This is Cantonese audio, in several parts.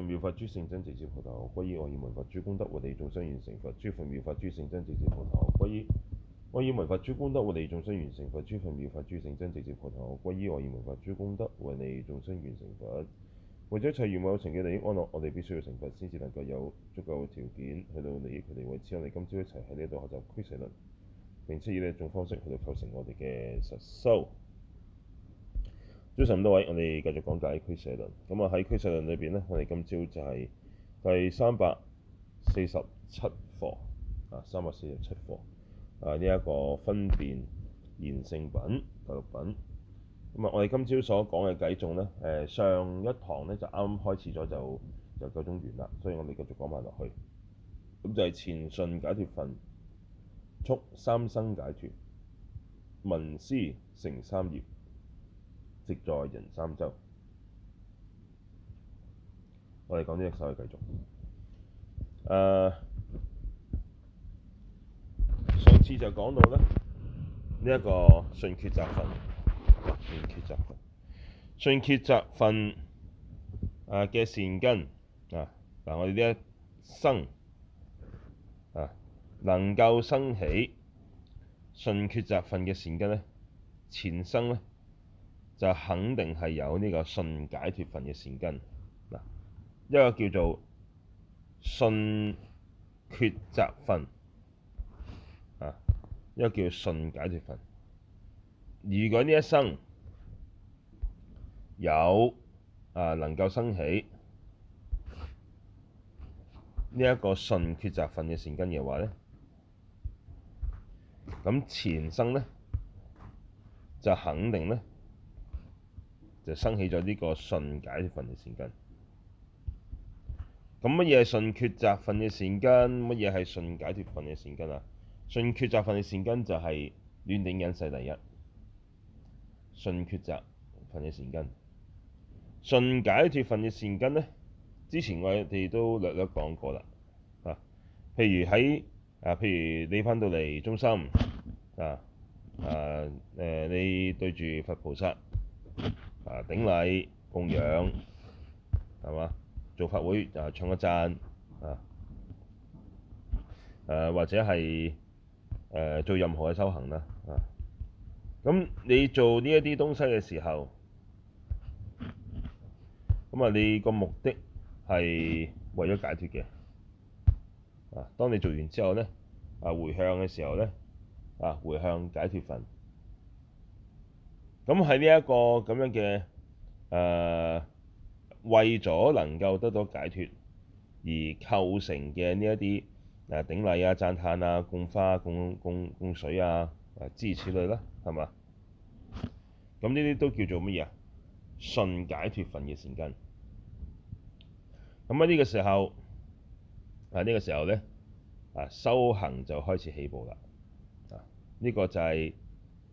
佛妙法珠，聖真直接菩提，歸依外現文法珠，公德為你眾生完成佛珠。佛妙法珠，聖真直接菩提，歸依外現文法珠，公德為你眾生完成佛珠。佛妙法珠，聖真直接菩提，歸依外現文法珠，公德為你眾生完成佛。為咗一切願望有成嘅利益安樂，我哋必須要成佛，先至能夠有足夠嘅條件去到利益佢哋。為此，我哋今朝一齊喺呢度學習《俱舍論》，並且以呢一種方式去到構成我哋嘅實修。早晨咁多位，我哋繼續講解俱舍論。咁啊，喺俱舍論裏邊咧，我哋今朝就係第三百四十七課啊，三百四十七課啊，呢一個分別賢聖品第六品。咁啊，我哋今朝所講嘅偈頌咧，誒、呃、上一堂咧就啱啱開始咗，就就夠鐘完啦，所以我哋繼續講埋落去。咁就係前順解脫分，速三生解脫，聞思成三業。殖在人三洲，我哋講呢一首係繼續。誒、啊，上次就講到呢，呢一個順決擇分，順決擇分，順決擇分嘅善根啊，嗱，我哋呢一生啊，能夠生起順決擇分嘅善根呢，前生呢。就肯定係有呢個順解脫分嘅善根，嗱，一個叫做順決擇分，啊，一個叫順解脫分。如果呢一生有啊能夠生起呢一個順決擇分嘅善根嘅話咧，咁前生咧就肯定咧。就生起咗呢個順解脫分嘅善根。咁乜嘢係順決擇分嘅善根？乜嘢係順解脫分嘅善根啊？順決擇分嘅善根就係煖頂忍世第一。順決擇分嘅善根，順解脫分嘅善根呢？之前我哋都略略講過啦。啊，譬如喺啊，譬如你翻到嚟中心啊啊，誒，你對住佛菩薩。啊！頂禮供養，係嘛？做法會啊，唱個讚啊！誒，或者係誒做任何嘅修行啦啊！咁你做呢一啲東西嘅時候，咁啊，你個目的係為咗解脫嘅啊！當你做完之後咧，啊回向嘅時候咧，啊回向解脫分。咁喺呢一個咁樣嘅誒、呃，為咗能夠得到解脫而構成嘅呢一啲誒頂禮啊、讚歎啊、供花、供供供水啊，諸如此類啦，係嘛？咁呢啲都叫做乜嘢啊？順解脫分嘅善根。咁喺呢個時候，喺、啊、呢、這個時候咧，啊修行就開始起步啦。啊，呢、這個就係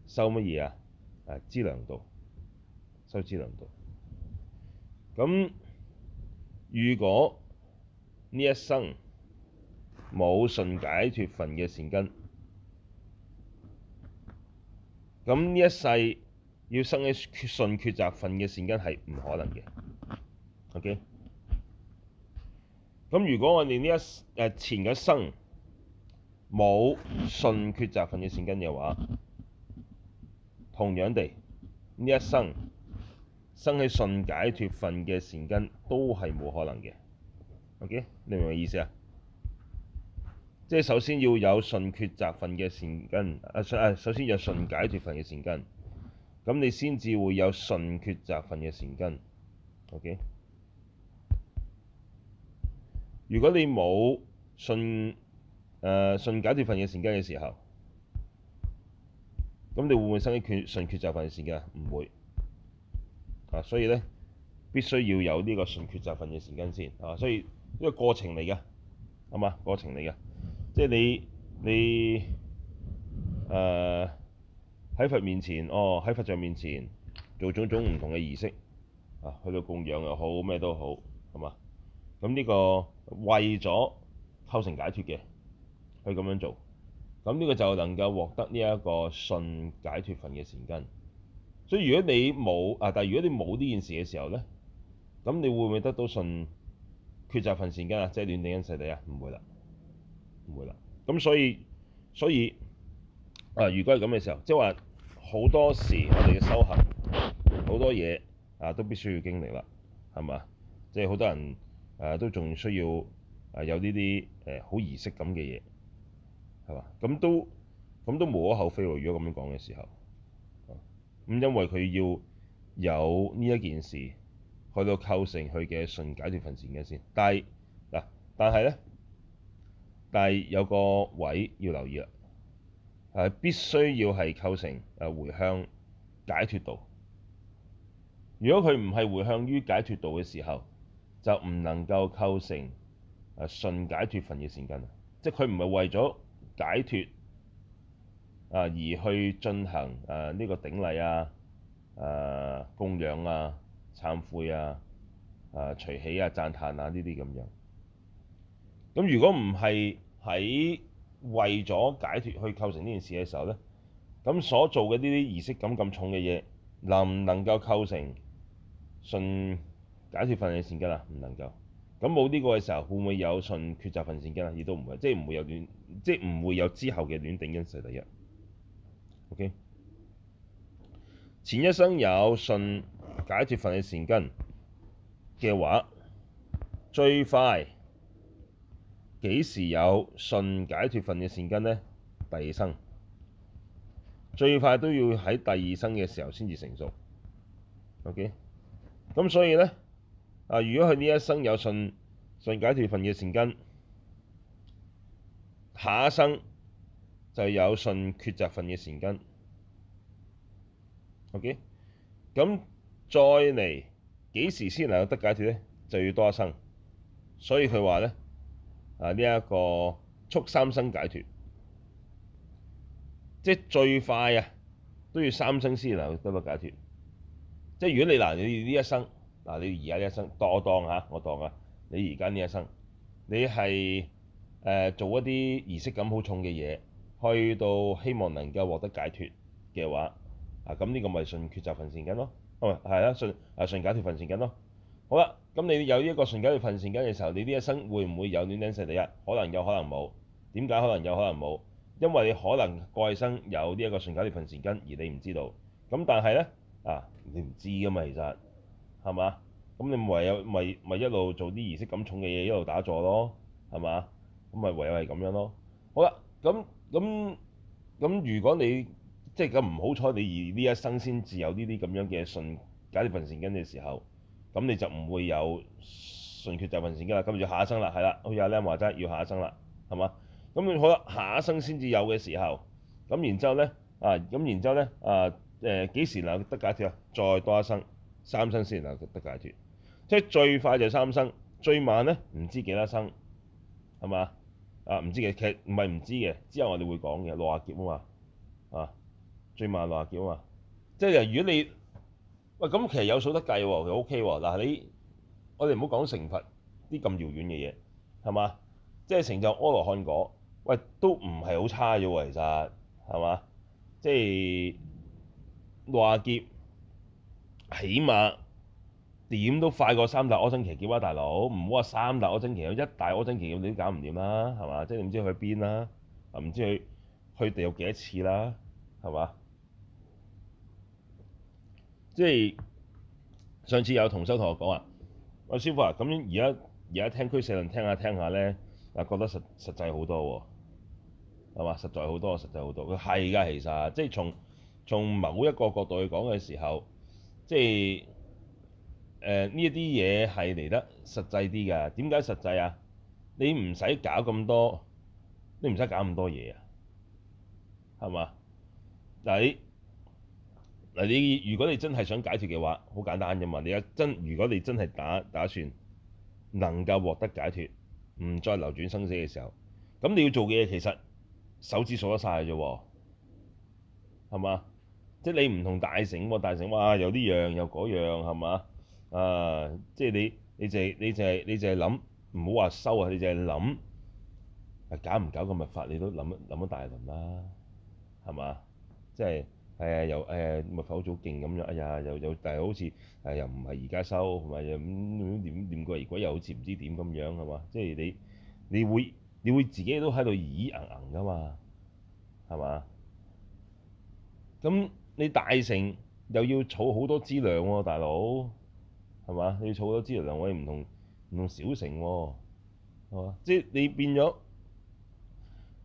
修乜嘢啊？誒資糧道、修資糧道。咁如果呢一生冇順解脫分嘅善根，咁呢一世要生起順決擇分嘅善根係唔可能嘅。OK。咁如果我哋呢一誒、呃、前一生冇順決擇分嘅善根嘅話，同樣地，呢一生生起順解脫分嘅善根都係冇可能嘅。OK，你明唔明意思啊？即係首先要有順決擇分嘅善根，啊，首首先有順解脫分嘅善根，咁你先至會有順決擇分嘅善根。OK，如果你冇順誒順解脫分嘅善根嘅時候。咁你會唔會生起順決擇分嘅善根？唔會啊，所以咧必須要有呢個順決擇分嘅善根先啊，所以呢個、啊、所以個過程嚟嘅，係嘛？過程嚟嘅，即係你你誒喺、啊、佛面前，哦喺佛像面前做種種唔同嘅儀式啊，去到供養又好，咩都好，係嘛？咁呢、這個為咗構成解脫嘅去咁樣做。咁呢個就能夠獲得呢一個順解脫分嘅善根，所以如果你冇啊，但係如果你冇呢件事嘅時候咧，咁你會唔會得到順決擇分善根啊？即係煖頂忍世第一啊，唔會啦，唔會啦。咁所以所以啊，如果係咁嘅時候，即係話好多時我哋嘅修行好多嘢啊，都必須要經歷啦，係咪？即係好多人啊，都仲需要有啊有呢啲誒好儀式咁嘅嘢。係嘛？咁都咁都無可厚非喎。如果咁樣講嘅時候，咁因為佢要有呢一件事去到構成佢嘅順解脫分善根先。但係嗱，但係咧，但係有個位要留意啦，係必須要係構成誒回向解脫道。如果佢唔係回向於解脫道嘅時候，就唔能夠構成誒順解脫分嘅善根，即係佢唔係為咗解脫啊，而去進行誒呢、呃這個頂禮啊、誒、呃、供養啊、懺悔啊、誒隨喜啊、讚歎啊呢啲咁樣。咁如果唔係喺為咗解脫去構成呢件事嘅時候咧，咁所做嘅呢啲儀式感咁重嘅嘢，能唔能夠構成順解脫分嘅善根啊？唔能夠。咁冇呢個嘅時候，會唔會有順決擇分善根啊？亦都唔會，即係唔會有亂，即係唔會有之後嘅亂定因素。第一。OK，前一生有順解脫分嘅善根嘅話，最快幾時有順解脫分嘅善根呢？第二生，最快都要喺第二生嘅時候先至成熟。OK，咁所以咧。啊！如果佢呢一生有順順解脫分嘅善根，下一生就有順抉擇分嘅善根。OK，咁再嚟幾時先能夠得解脫咧？就要多一生。所以佢話咧，啊呢一個速三生解脫，即係最快啊，都要三生先能夠得個解脫。即係如果你嗱，你呢一生。嗱，你而家呢一生，多我當嚇，我當啊！你而家呢一生，你係誒、呃、做一啲儀式感好重嘅嘢，去到希望能夠獲得解脫嘅話，啊咁呢個咪順決擇分善根咯，唔係係啦，順啊順解脫分善根咯。好啦，咁你有呢一個順解脫分善根嘅時候，你呢一生會唔會有暖頂忍世第一？可能有可能冇，點解可能有可能冇？因為你可能過去生有呢一個順解脫分善根，而你唔知道。咁但係咧，啊你唔知噶嘛，其實。係嘛？咁你唯有咪咪、就是、一路做啲儀式咁重嘅嘢，一路打坐咯，係嘛？咁咪唯有係咁樣咯。好啦，咁咁咁，如果你即係咁唔好彩，就是、你而呢一生先至有呢啲咁樣嘅順解脱分善根嘅時候，咁你就唔會有順決擇分善根啦。咁要下一生啦，係啦，好似阿 lem 話齋要下一生啦，係嘛？咁好啦，下一生先至有嘅時候，咁然之後咧啊，咁然之後咧啊誒幾、呃、時能得解脱啊？再多一生。三生先能得解脫，即係最快就三生，最慢咧唔知幾多生，係嘛？啊，唔知嘅。其實唔係唔知嘅，之後我哋會講嘅六十劫啊嘛，啊，最慢六十劫啊嘛，即係如果你喂，咁其實有數得計喎，其實 OK 喎，嗱，你我哋唔好講成佛啲咁遙遠嘅嘢，係嘛？即係成就阿羅漢果，喂都唔係好差啫喎，其實係嘛？即係六十劫。起碼點都快過三大阿僧祇劫啦、啊，大佬唔好話三大阿僧祇，佢一大阿僧祇你都搞唔掂啦，係嘛？即係你唔知去邊啦，啊唔知去地獄有幾多次啦，係嘛？即係上次有同修同我講話，喂師傅啊，咁樣而家而家聽俱舍論聽下聽下咧，啊覺得實實際好多喎、啊，係嘛？實在好多，實際好多，佢係㗎，其實即係從從某一個角度去講嘅時候。即係誒呢啲嘢係嚟得實際啲㗎。點解實際啊？你唔使搞咁多，你唔使搞咁多嘢啊，係嘛？嗱你如果你真係想解脫嘅話，好簡單嘅嘛。你有真，如果你真係打打算能夠獲得解脫，唔再流轉生死嘅時候，咁你要做嘅嘢其實手指數得晒嘅啫，係嘛？即係你唔同大城喎，大城話有啲樣有嗰樣係嘛？啊，即係你你就係你就係你就係諗，唔好話收啊，你就係、是、諗，啊、就是、搞唔搞個密法你都諗一諗一大輪啦，係嘛？即係誒又誒密法好早勁咁樣，哎呀又哎呀哎呀又，又但係好似誒、哎、又唔係而家收，係咪？又點點點過而果又好似唔知點咁樣係嘛？即係你你會你會自己都喺度疑疑鈍鈍噶嘛，係嘛？咁。你大乘又要儲好多資糧喎，大佬，係嘛？你要儲好多資糧，我哋唔同唔同小乘喎、啊，係嘛？即係你變咗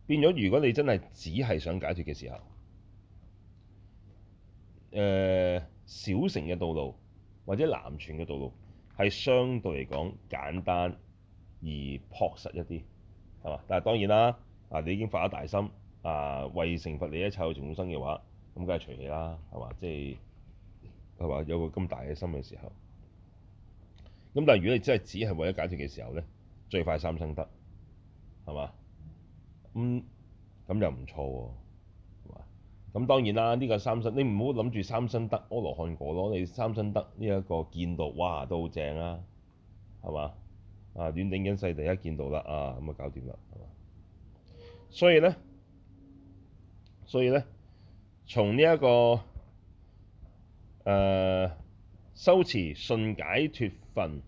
變咗，如果你真係只係想解脫嘅時候，誒、呃、小乘嘅道路或者南傳嘅道路係相對嚟講簡單而樸實一啲，係嘛？但係當然啦，啊你已經發咗大心，啊、呃、為成佛利一切嘅眾生嘅話。咁梗係隨你啦，係嘛？即係係嘛？有個咁大嘅心嘅時候，咁但係如果你真係只係為咗解決嘅時候咧，最快三生得，係嘛？嗯，咁又唔錯喎，係嘛？咁當然啦，呢個三生你唔好諗住三生得阿羅漢果咯，你三生得呢一個見道，哇，都好正啊，係嘛？啊，煖頂忍世第一見道啦，啊，咁啊搞掂啦，係嘛？所以咧，所以咧。從呢、這、一個誒、呃、修持順解脫分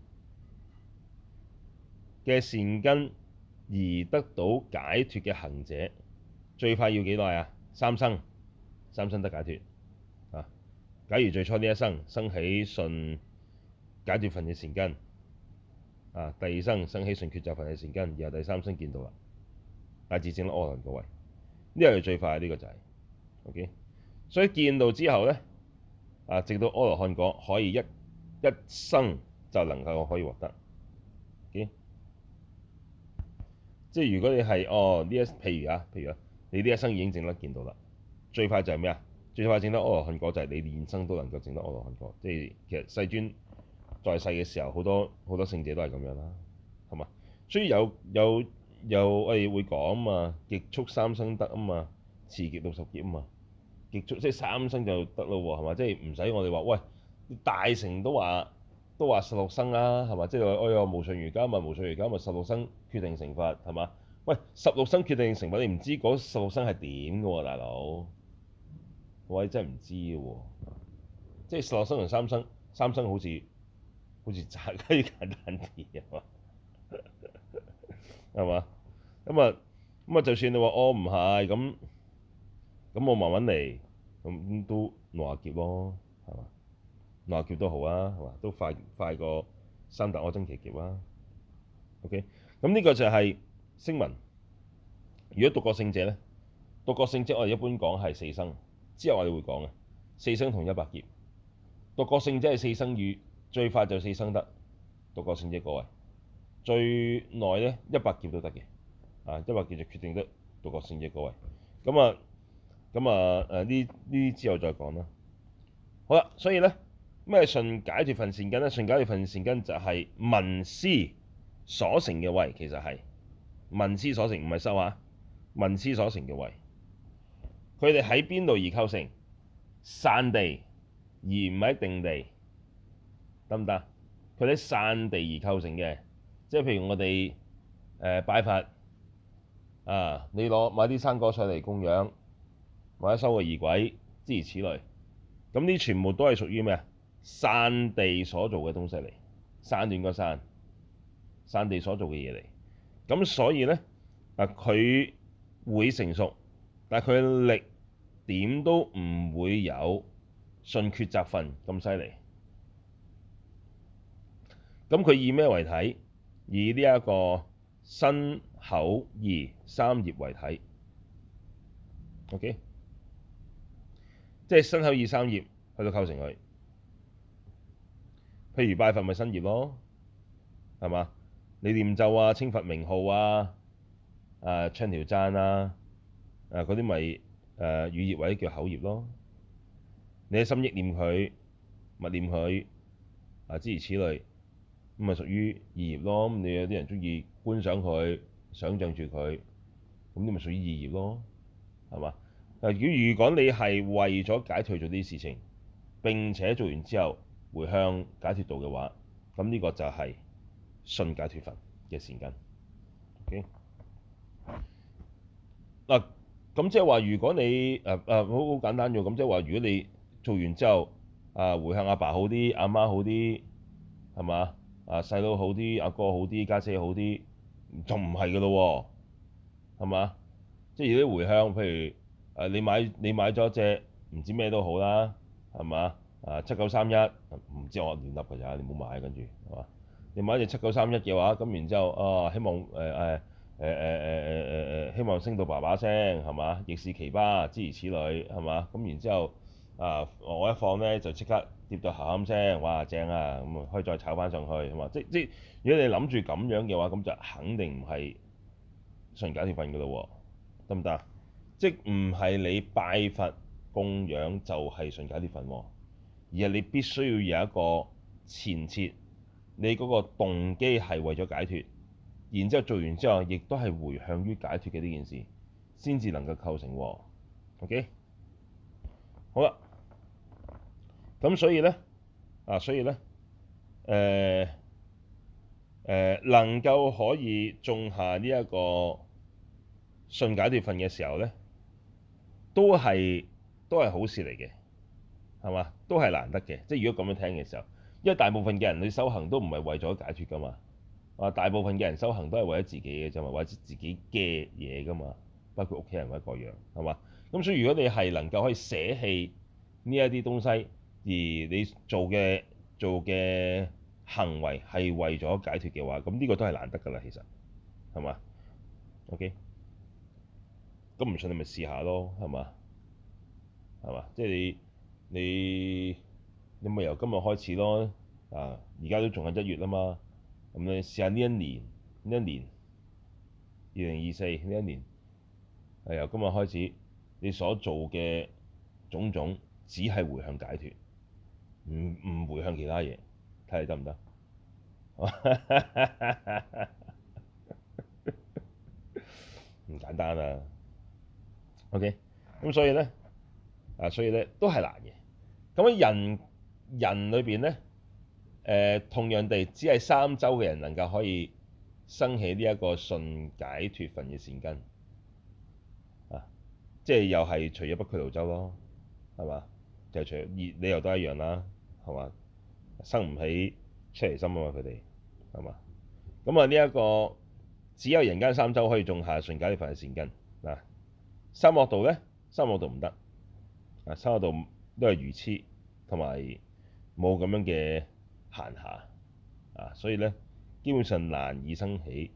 嘅善根而得到解脫嘅行者，最快要幾耐啊？三生，三生得解脫啊！假如最初呢一生生起順解脫分嘅善根，啊第二生生起順決擇分嘅善根，然後第三生見道啦，乃至證啦、啊、哦，各位呢個係最快呢、這個就係、是、OK。所以見道之後呢，啊，直到阿羅漢果可以一一生就能夠可以獲得、okay？即係如果你係哦呢一譬如啊，譬如啊，你呢一生已經證得見道啦。最快就係咩啊？最快證得阿羅漢果就係你連生都能夠證得阿羅漢果。即係其實世尊在世嘅時候，好多好多聖者都係咁樣啦，係嘛？所以有有有我哋會講啊嘛，極速三生得啊嘛，極遲六十劫啊嘛。即係三生就得咯喎，係嘛？即係唔使我哋話，喂，大成都話都話十六生啦、啊，係嘛？即係我我有無上瑜伽咪無上瑜伽咪十六生決定成佛，係嘛？喂，十六生決定成佛，你唔知嗰十六生係點嘅喎，大佬？喂，真係唔知喎、啊，即係十六生同三生，三生好似好似宅雞簡單啲，係嘛？咁啊咁啊，就算你話我唔係咁。咁我慢慢嚟，咁都六十劫咯，係嘛？六十劫都好啊，係嘛？都快，哎、都快過三大阿僧祇劫啊。OK，咁呢個就係聲聞。如果獨覺聖者咧，獨覺聖者我哋一般講係四生，之後我哋會講嘅四生同一百劫。獨覺聖者係四生與最快就四生得獨覺聖者果位，最耐咧一百劫都得嘅啊！一百劫就決定得獨覺聖者果位咁啊。咁啊誒呢呢啲之後再講啦。好啦，所以咧，咩順解脫分善根咧？順解脫分善根就係聞思所成嘅慧。其實係聞思所成，唔係修啊。聞思所成嘅慧。佢哋喺邊度而構成？散地而唔係一定地，得唔得？佢哋散地而構成嘅，即係譬如我哋誒、呃、拜佛啊，你攞買啲生果上嚟供養。或者修個儀軌，諸如此類，咁呢？全部都係屬於咩啊？散地所做嘅東西嚟，散亂個散，散地所做嘅嘢嚟。咁所以咧，啊佢會成熟，但係佢力點都唔會有順決擇分咁犀利。咁佢以咩為體？以呢一個身口意三業為體。OK。即係身口意三業去到構成佢，譬如拜佛咪身業咯，係嘛？你念咒啊、稱佛名號啊、啊、唱條讚啊、啊嗰啲咪誒語業或者叫口業咯。你喺心意念佢、默念佢啊諸如此類，咁咪屬於意業咯。咁你有啲人中意觀賞佢、想像住佢，咁你咪屬於意業咯，係嘛？嗱，如如果你係為咗解脫咗啲事情，並且做完之後回向解脫道嘅話，咁呢個就係順解脫分嘅善根。O K，嗱，咁即係話，如果你誒誒好好簡單用，咁即係話，如果你做完之後啊回向阿爸好啲、阿媽好啲，係嘛？啊細佬好啲、阿哥好啲、家姐好啲，就唔係噶咯喎，係嘛？即係有啲回向，譬如。你買你買咗隻唔知咩都好啦，係嘛？啊、呃、七九三一唔知我亂笠嘅咋，你唔好買，跟住係嘛？你買隻七九三一嘅話，咁然之後啊、哦，希望誒誒誒誒誒誒誒誒，希望升到叭叭聲係嘛？逆市奇葩諸如此類係嘛？咁然之後啊，我一放咧就即刻跌到喊聲，哇正啊！咁啊可以再炒翻上去係嘛？即即如果你諗住咁樣嘅話，咁就肯定唔係順解脫分嘅咯，得唔得？即唔係你拜佛供養就係順解脫分喎，而係你必須要有一個前設，你嗰個動機係為咗解脫，然之後做完之後，亦都係回向於解脫嘅呢件事，先至能夠構成喎。OK，好啦，咁所以呢，啊所以呢，誒、呃、誒、呃、能夠可以種下呢一個順解脫分嘅時候呢，都係都係好事嚟嘅，係嘛？都係難得嘅。即係如果咁樣聽嘅時候，因為大部分嘅人你修行都唔係為咗解脱噶嘛，啊，大部分嘅人修行都係為咗自己嘅就係，為自己嘅嘢噶嘛，包括屋企人一個樣，係嘛？咁所以如果你係能夠可以捨棄呢一啲東西，而你做嘅做嘅行為係為咗解脱嘅話，咁呢個都係難得噶啦，其實係嘛？OK。咁唔信你咪試下咯，係嘛？係嘛？即係你你你咪由今日開始咯。啊，而家都仲係一月吖嘛。咁你試下呢一年，呢一年二零二四呢一年，係、啊、由今日開始，你所做嘅種種只係回向解脱，唔唔回向其他嘢。睇你得唔得？唔 簡單啊！O.K. 咁所以咧啊，所以咧都係難嘅。咁喺人人裏邊咧，誒、呃、同樣地，只係三洲嘅人能夠可以生起呢一個順解脫分嘅善根啊，即係又係除咗北俱盧洲咯，係嘛？就除而你又都一樣啦，係嘛？生唔起出離心啊嘛，佢哋係嘛？咁啊、這個，呢一個只有人間三洲可以種下順解脫分嘅善根嗱。啊。三惡道咧，三惡道唔得啊！三惡道都係愚痴，同埋冇咁樣嘅閒暇啊，所以咧基本上難以生起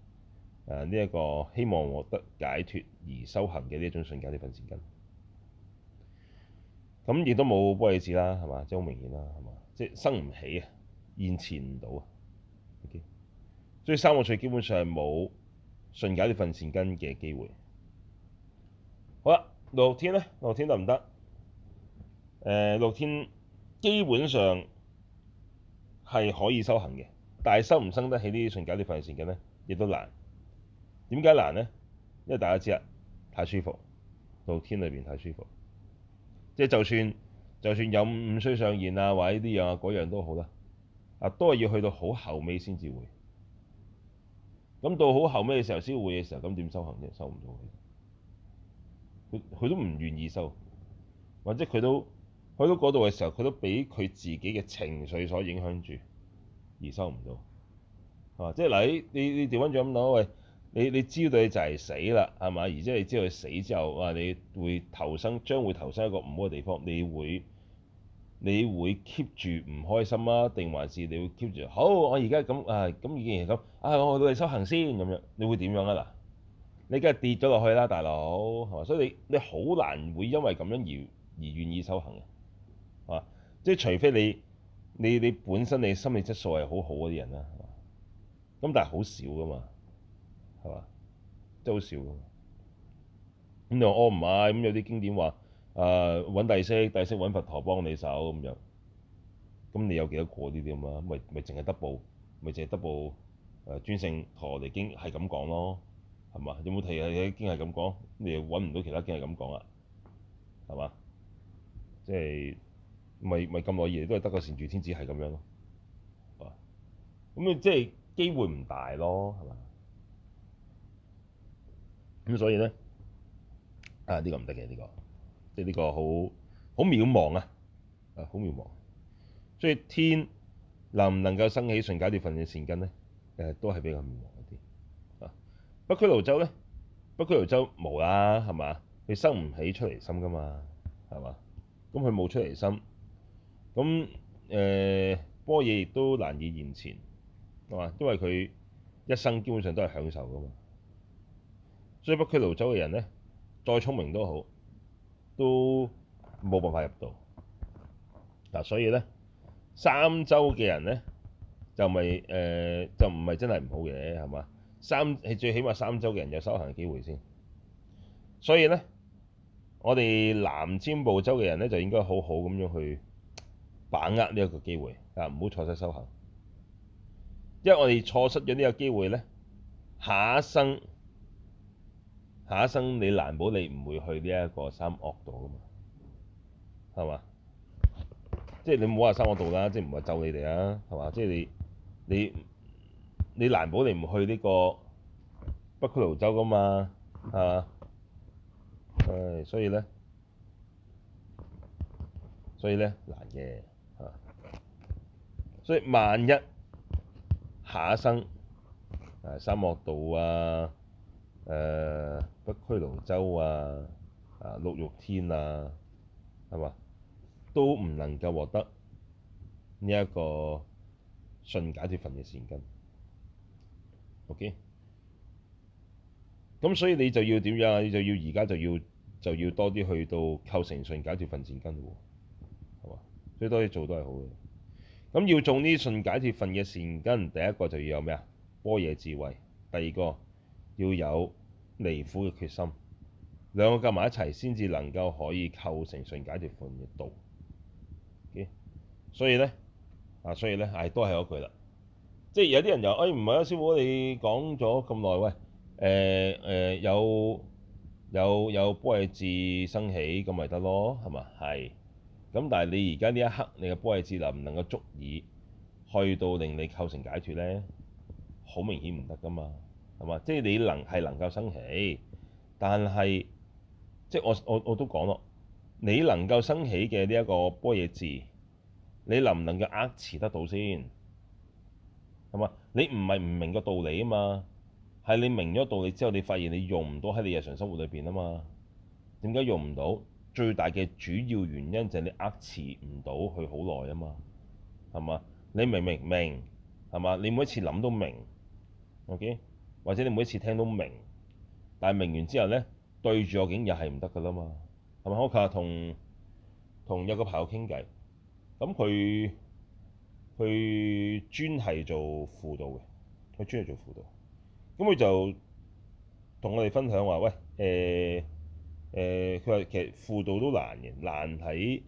誒呢一個希望獲得解脫而修行嘅呢一種順解脫分善根。咁、啊、亦都冇般若智啦，係嘛？即係好明顯啦，係嘛？即係生唔起啊，現前唔到啊。OK，所以三惡趣基本上係冇順解脫分善根嘅機會。好啦，六天咧，六天得唔得？誒、呃，六天基本上係可以修行嘅，但係收唔生得起呢啲順解脫分嘅咧，亦都難。點解難咧？因為大家知啦，太舒服，六天裏邊太舒服，即係就算就算有五衰上現啊，或者呢樣啊嗰樣好都好啦，啊都係要去到好後尾先至會。咁到好後尾嘅時候先會嘅時候，咁點修行啫？收唔到氣，佢都唔願意收，或者佢都去到嗰度嘅時候，佢都俾佢自己嘅情緒所影響住而收唔到。啊，即係嗱，你你調翻轉咁講，喂，你你，你知道你就係死啦，係嘛？而且你知道佢死之後，哇、啊，你會投生，將會投生一個唔好嘅地方，你會你會 keep 住唔開心啊？定還是你會 keep 住好？我而家咁啊，咁既然咁，啊，我嚟修行先咁樣，你會點樣啊？嗱？你梗係跌咗落去啦，大佬，係嘛？所以你你好難會因為咁樣而而願意修行嘅，係嘛？即係除非你你你本身你心理質素係好好嗰啲人啦，係嘛？咁但係好少噶嘛，係嘛？真係好少。咁你話哦，唔係咁有啲經典話啊，揾帝釋帝釋揾佛陀幫你手咁樣，咁你有幾多個啲啲咁啊？咪咪淨係得報，咪淨係得報，誒尊勝同我哋經係咁講咯。係嘛？有冇提下啲經係咁講，你又揾唔到其他經係咁講啦，係嘛，就是嗯？即係咪咪咁耐而都係得個善住天子係咁樣咯，啊！咁你即係機會唔大咯，係嘛？咁所以咧啊，呢個唔得嘅呢個，即係呢個好好渺茫啊！啊，好渺茫，所以天能唔能夠生起、順解脫分嘅善根咧？誒、呃，都係比較渺茫。北俱盧洲呢？北俱盧洲冇啦，係嘛？佢生唔起出離心噶嘛，係嘛？咁佢冇出離心，咁誒、呃、波嘢亦都難以現前，係嘛？因為佢一生基本上都係享受噶嘛，所以北俱盧洲嘅人呢，再聰明都好，都冇辦法入到道，啊，所以呢，三洲嘅人呢，就唔係、呃、就唔係真係唔好嘅，係嘛？三係，最起碼三洲嘅人有修行嘅機會先，所以咧，我哋南贍部洲嘅人咧就應該好好咁樣去把握呢一個機會啊，唔好錯失修行。因為我哋錯失咗呢個機會咧，下一生，下一生你難保你唔會去呢一個三惡道㗎嘛，係嘛？即係你唔好話三惡道啦，即係唔係咒你哋啊，係嘛？即係你，你。你難保你唔去呢個北俱盧洲噶嘛？係、啊、嘛？所以呢，所以呢，難嘅、啊、所以萬一下一生係三惡道啊、誒、啊、北俱盧洲啊、啊六欲天啊，係嘛，都唔能夠獲得呢一個順解脫分嘅善根。O.K. 咁所以你就要點樣啊？你就要而家就要就要多啲去到構成順解脫分善根喎，係嘛？所以多啲做都係好嘅。咁要做呢順解脫分嘅善根，第一個就要有咩啊？般若智慧。第二個要有離苦嘅決心。兩個夾埋一齊先至能夠可以構成順解脫分嘅道。O.K. 所以咧啊，所以咧，唉，都係嗰句啦。即係有啲人就誒，唔係啊，師傅你講咗咁耐，喂誒誒、呃呃、有有有般若智生起咁咪得咯，係嘛係咁，但係你而家呢一刻你嘅般若智能唔能夠足以去到令你構成解脫咧？好明顯唔得噶嘛，係嘛？即係你能係能夠生起，但係即係我我我都講咯，你能夠生起嘅呢一個般若智，你能唔能夠握持得到先？你唔係唔明個道理啊嘛，係你明咗道理之後，你發現你用唔到喺你日常生活裏邊啊嘛。點解用唔到？最大嘅主要原因就係你握持唔到佢好耐啊嘛。係嘛？你明明明係嘛？你每一次諗都明，ok，或者你每一次聽都明，但係明完之後呢，對住個景又係唔得噶啦嘛。係咪？好，琴日同同有個朋友傾偈，咁佢。佢專係做輔導嘅，佢專係做輔導，咁佢就同我哋分享話：喂，誒、呃、誒，佢、呃、話其實輔導都難嘅，難喺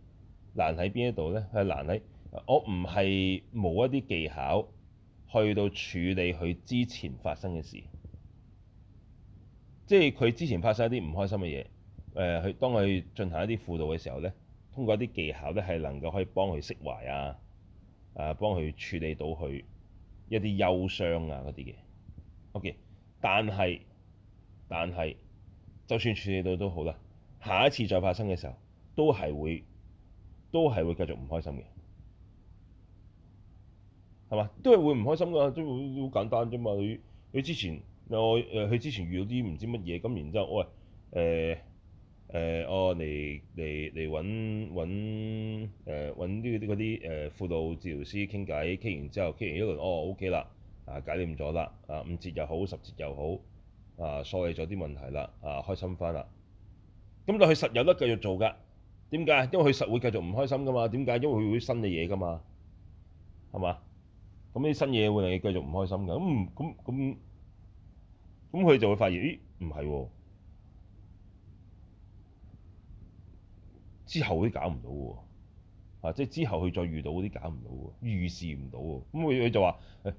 難喺邊一度咧？係難喺我唔係冇一啲技巧去到處理佢之前發生嘅事，即係佢之前發生一啲唔開心嘅嘢，誒、呃，去當佢進行一啲輔導嘅時候咧，通過一啲技巧咧，係能夠可以幫佢釋懷啊。誒幫佢處理到佢一啲憂傷啊嗰啲嘅，OK，但係但係就算處理到都好啦，下一次再發生嘅時候都係會都係會繼續唔開心嘅，係嘛？都係會唔開心㗎，都好簡單啫嘛。佢佢之前我誒佢、呃、之前遇到啲唔知乜嘢，咁然之後喂誒。呃誒，我嚟嚟嚟揾揾誒揾啲嗰啲誒輔導治療師傾偈，傾完之後傾完一輪，哦，OK 啦，啊，解決咗啦，啊，五節又好十節又好，啊，疏離咗啲問題啦，啊，開心翻啦。咁但係實有得繼續做㗎，點解？因為佢實會繼續唔開心㗎嘛，點解？因為佢會有新嘅嘢㗎嘛，係嘛？咁啲新嘢會令你繼續唔開心㗎，咁咁咁，咁佢就會發現，咦，唔係喎。之後嗰啲搞唔到喎，啊，即係之後佢再遇到嗰啲搞唔到嘅喎，預視唔到喎，咁佢佢就話誒，梗、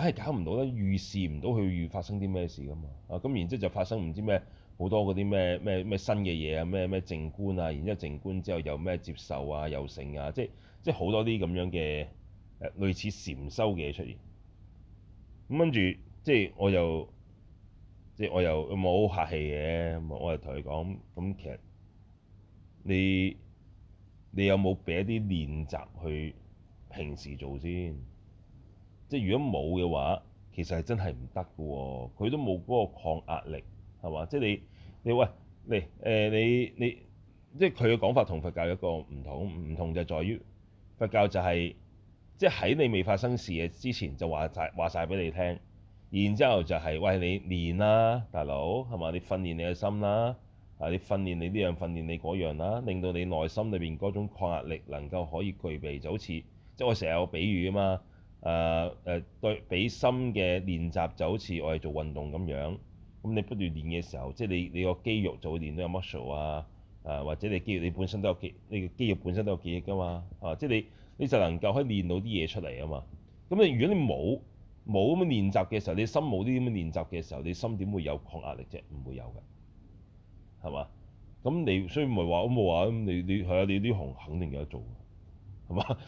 哎、係搞唔到啦，預視唔到佢預發生啲咩事嘅嘛，啊，咁、啊啊、然之後就發生唔知咩好多嗰啲咩咩咩新嘅嘢啊，咩咩靜觀啊，然之後靜觀之後又咩接受啊，又成啊，即係即係好多啲咁樣嘅誒類似禪修嘅嘢出現，咁跟住即係我，我又即係我又冇客氣嘅，我我係同佢講咁其實。你你有冇俾一啲練習去平時做先？即係如果冇嘅話，其實係真係唔得嘅喎。佢都冇嗰個抗壓力，係嘛？即係你你喂你，誒你你,、呃、你,你即係佢嘅講法同佛教一個唔同，唔同就係在於佛教就係、是、即係喺你未發生事嘅之前就話晒話曬俾你聽，然之後就係、是、喂，你練啦，大佬係嘛？你訓練你嘅心啦。啊！你訓練你呢樣，訓練你嗰樣啦，令到你內心裏邊嗰種抗壓力能夠可以具備，就好似即係我成日有比喻啊嘛。誒、呃、誒對，比心嘅練習就好似我係做運動咁樣。咁你不斷練嘅時候，即係你你個肌肉就會練到有 muscle 啊。誒或者你肌肉你本身都有記，你個肌肉本身都有記憶㗎嘛。啊，即係你你就能夠可以練到啲嘢出嚟啊嘛。咁你如果你冇冇咁樣練習嘅時候，你心冇啲咁樣練習嘅時候，你心點會有抗壓力啫？唔會有㗎。係嘛？咁你所以唔係話咁嘅話，咁你你係啊？你啲紅肯定有得做，係嘛？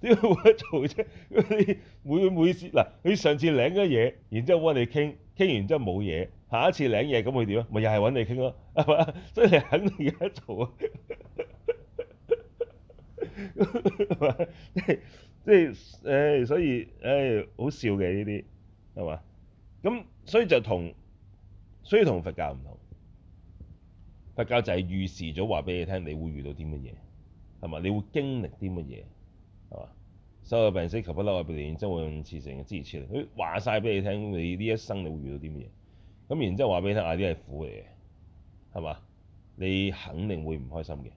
點解會冇得做啫？你 每每次嗱，你上次領咗嘢，然之後揾你傾，傾完之後冇嘢，下一次領嘢咁會點啊？咪又係揾你傾咯，係嘛？所以你肯定有得做啊！即係即係誒，所以誒、哎、好笑嘅呢啲係嘛？咁所以就同所以同佛教唔同。佛教就係預示咗話俾你聽，你會遇到啲乜嘢係嘛？你會經歷啲乜嘢係嘛？所有病死求不嬲，愛別離、怨憎會、五陰熾盛。佢話晒俾你聽，你呢一生你會遇到啲乜嘢。咁然之後話俾你聽，啊，呢啲係苦嚟嘅，係嘛？你肯定會唔開心嘅。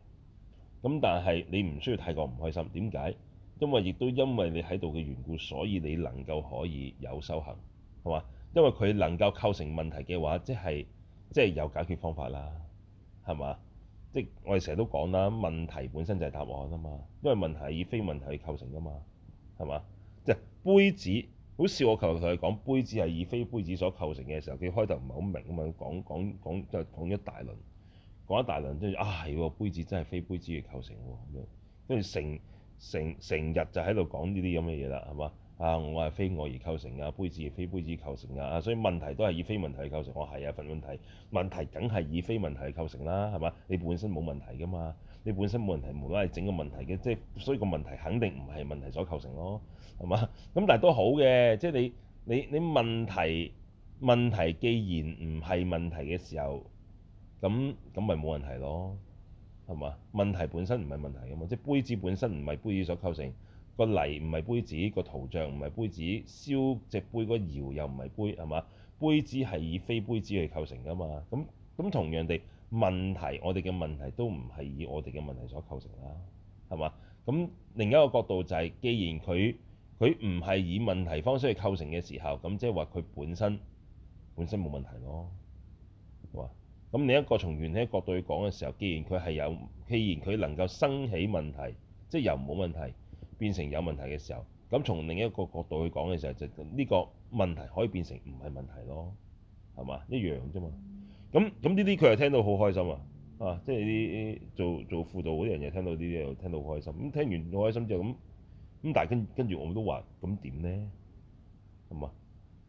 咁但係你唔需要太過唔開心，點解？因為亦都因為你喺度嘅緣故，所以你能夠可以有修行，係嘛？因為佢能夠構成問題嘅話，即係，即係有解決方法啦。係嘛？即係我哋成日都講啦，問題本身就係答案啊嘛。因為問題係以非問題去構成噶嘛，係嘛？即係杯子，好似我求頭頭講杯子係以非杯子所構成嘅時候，佢開頭唔係好明啊嘛，講講講就講一大輪，講一大輪跟住啊，杯子真係非杯子去構成喎咁樣，跟住成成成日就喺度講呢啲咁嘅嘢啦，係嘛？啊！我係非我而構成啊！杯子亦非杯子構成啊！所以問題都係以非問題去構成。我係啊份問題，問題梗係以非問題去構成啦，係嘛？你本身冇問題噶嘛？你本身冇問題，無論係整個問題嘅，即係所以個問題肯定唔係問題所構成咯，係嘛？咁但係都好嘅，即係你你你問題問題既然唔係問題嘅時候，咁咁咪冇問題咯，係嘛？問題本身唔係問題噶嘛？即係杯子本身唔係杯子所構成。個泥唔係杯子，個圖像唔係杯子，燒隻杯個窯又唔係杯，係嘛？杯子係以非杯子去構成㗎嘛？咁咁同樣地，問題我哋嘅問題都唔係以我哋嘅問題所構成啦，係嘛？咁另一個角度就係、是，既然佢佢唔係以問題方式去構成嘅時候，咁即係話佢本身本身冇問題咯，係嘛？咁另一個從緣起角度去講嘅時候，既然佢係有，既然佢能夠生起問題，即係又冇問題。變成有問題嘅時候，咁從另一個角度去講嘅時候，就呢、是、個問題可以變成唔係問題咯，係嘛？一樣啫嘛。咁咁呢啲佢又聽到好開心啊，啊，即係啲做做輔導嗰啲人又聽到呢啲又聽到好開心。咁、嗯、聽完好開心之後，咁咁但係跟跟住我都話咁點呢？係嘛？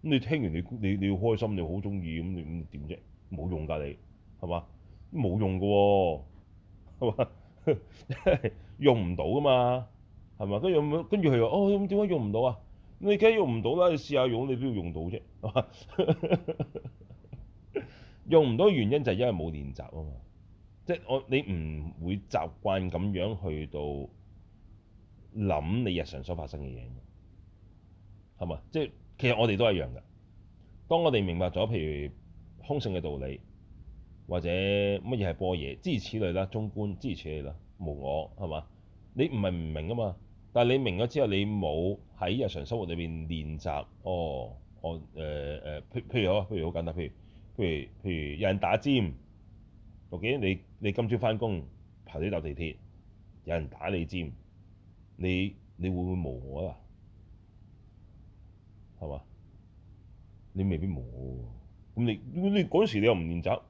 咁你聽完你你你要開心，你好中意咁你咁點啫？冇用㗎你，係、哦、 嘛？冇用㗎喎，係嘛？用唔到㗎嘛？係嘛？跟住咁，跟住佢話：哦，咁點解用唔到啊？你梗係用唔到啦！你試下用，你都要用到啫， 用唔到原因就係因為冇練習啊嘛！即係我你唔會習慣咁樣去到諗你日常所發生嘅嘢，係嘛？即係其實我哋都係一樣嘅。當我哋明白咗譬如空性嘅道理，或者乜嘢係般若，諸如此類啦，中觀諸如此類啦，無我係嘛？你唔係唔明啊嘛？但係你明咗之後，你冇喺日常生活裏邊練習哦，我誒誒，譬如好譬如好簡單，譬如譬如譬如有人打尖，或者你你今朝返工排隊搭地鐵，有人打你尖，你你會唔會無我啦，啊？係嘛？你未必無我咁，啊、你你嗰時你又唔練習，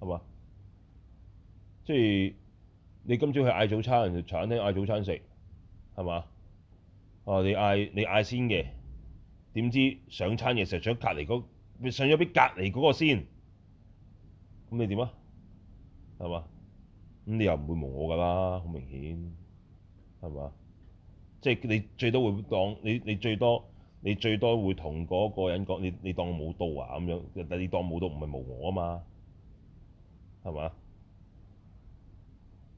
係嘛？即係。你今朝去嗌早餐，人哋茶餐廳嗌早餐食，係嘛？啊，你嗌你嗌先嘅，點知上餐嘅時候，上咗隔離嗰，上咗俾隔離嗰個先，咁你點啊？係嘛？咁你又唔會無我㗎啦，好明顯，係嘛？即係你最多會當你你最多你最多會同嗰個人講，你你當我冇到啊咁樣，但你當冇到唔係無我啊嘛，係嘛？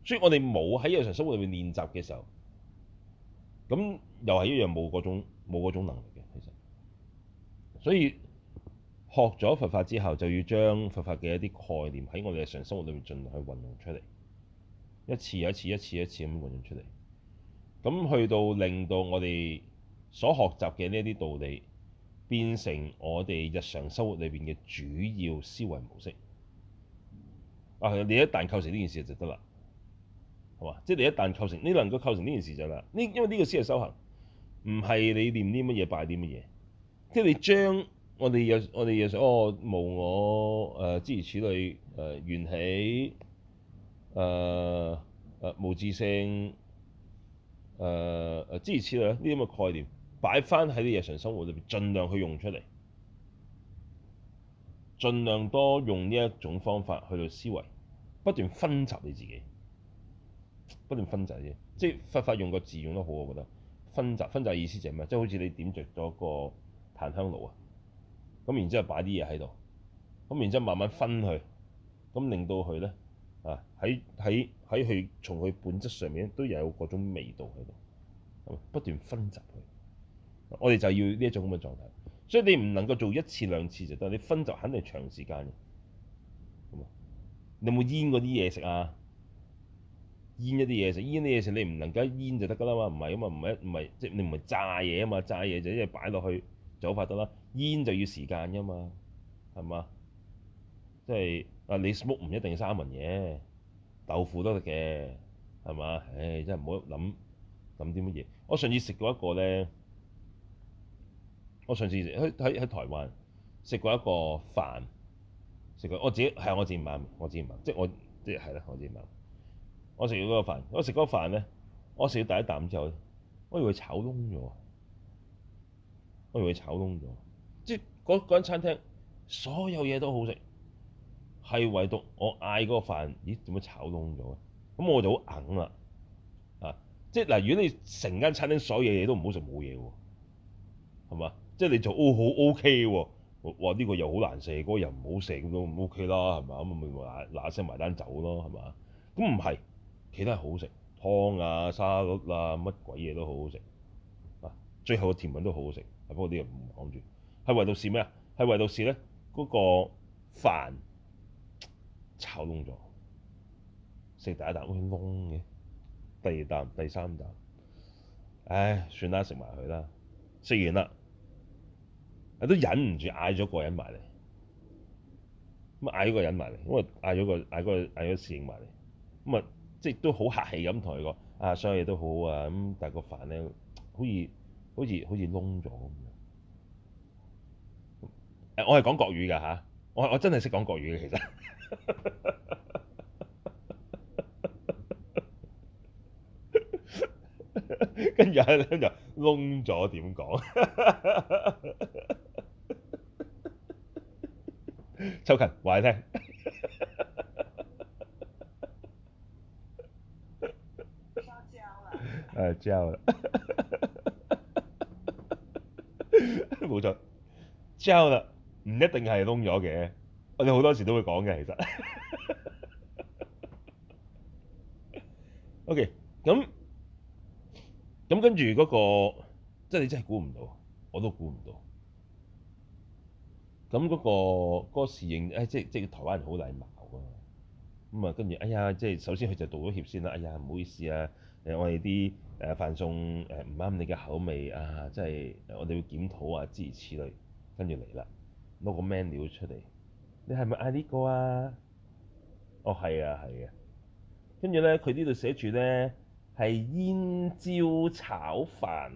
所以我哋冇喺日常生活裏面練習嘅時候，咁又係一樣冇嗰種冇嗰種能力嘅。其實，所以學咗佛法之後，就要將佛法嘅一啲概念喺我哋日常生活裏面盡量去運用出嚟，一次又一次、一次一次咁運用出嚟，咁去到令到我哋所學習嘅呢啲道理變成我哋日常生活裏邊嘅主要思維模式。啊，你一旦構成呢件事就得啦。係嘛？即係你一旦構成，你能夠構成呢件事就啦。呢因為呢個先係修行，唔係你念啲乜嘢、拜啲乜嘢。即係你將我哋日我哋日常，日常哦無我誒諸如此類誒緣起誒誒無自性誒誒諸如此類呢啲咁嘅概念擺翻喺啲日常生活裏邊，盡量去用出嚟，盡量多用呢一種方法去到思維，不斷分集你自己。不斷分集嘅，即係佛法用個字用得好，我覺得分集分集意思就係咩？即係好似你點着咗個檀香爐啊，咁然之後擺啲嘢喺度，咁然之後慢慢分去，咁令到佢咧啊喺喺喺佢從佢本質上面都有嗰種味道喺度，不斷分集佢。我哋就要呢一種咁嘅狀態，所以你唔能夠做一次兩次就得，你分集肯定係長時間嘅。咁啊，你有冇煙嗰啲嘢食啊？煙一啲嘢食，煙啲嘢食你唔能夠煙就得噶啦嘛，唔係吖嘛？唔係唔係，即係你唔係炸嘢啊嘛，炸嘢就一係擺落去煮法得啦，煙就要時間噶嘛，係嘛？即係啊，你 smoke 唔一定三文嘢，豆腐都得嘅，係嘛？唉，真係唔好諗諗啲乜嘢。我上次食過一個咧，我上次喺喺喺台灣食過一個飯，食過我自己係我自己問，我自己問即係我即係係啦，我自己問。我食咗嗰個飯，我食嗰個飯咧，我食咗第一啖之後咧，我以為炒燶咗，我以為炒燶咗，即係嗰嗰間餐廳所有嘢都好食，係唯獨我嗌嗰個飯，咦點解炒燶咗啊？咁我就好硬啦，啊！即係嗱，如果你成間餐廳所有嘢都唔好食，冇嘢喎，係嘛？即係你就 O 好 O K 喎，哇呢個又好難食，嗰個又唔好食，咁都唔 O K 啦，係嘛？咁咪嗱嗱聲埋單走咯，係嘛？咁唔係。其他係好好食，湯啊、沙律啊、乜鬼嘢都好好食啊！最後嘅甜品都好好食，不過啲嘢唔講住。係為到試咩啊？係為到試咧嗰個飯炒燶咗，食第一啖好似燶嘅，第二啖、第三啖，唉算啦，食埋佢啦。食完啦，都忍唔住嗌咗個人埋嚟，咁啊嗌咗個人埋嚟，咁啊嗌咗個嗌嗰個嗌咗侍應埋嚟，咁啊。即係都好客氣咁同佢講，啊所有嘢都好啊，咁但係個飯咧，好似好似好似燶咗咁樣。誒、欸，我係講國語㗎吓、啊，我我真係識講國語嘅其實。跟住咧，跟住燶咗點講？ 秋勤話你聽。 誒膠啦，冇 錯，膠啦，唔一定係窿咗嘅。我哋好多時都會講嘅，其實。 OK，咁咁跟住嗰個，即係你真係估唔到，我都估唔到。咁嗰個嗰個侍應，誒，即係即係台灣人好禮貌㗎。咁啊，嗯、跟住，哎呀，即係首先佢就道咗歉先啦。哎呀，唔好意思啊，誒，我哋啲。誒飯餸誒唔啱你嘅口味啊！即係我哋要檢討啊，諸如此類，跟住嚟啦，攞個 menu 出嚟。你係咪嗌呢個啊？哦，係啊，係啊。跟住咧，佢呢度寫住咧係煙椒炒飯。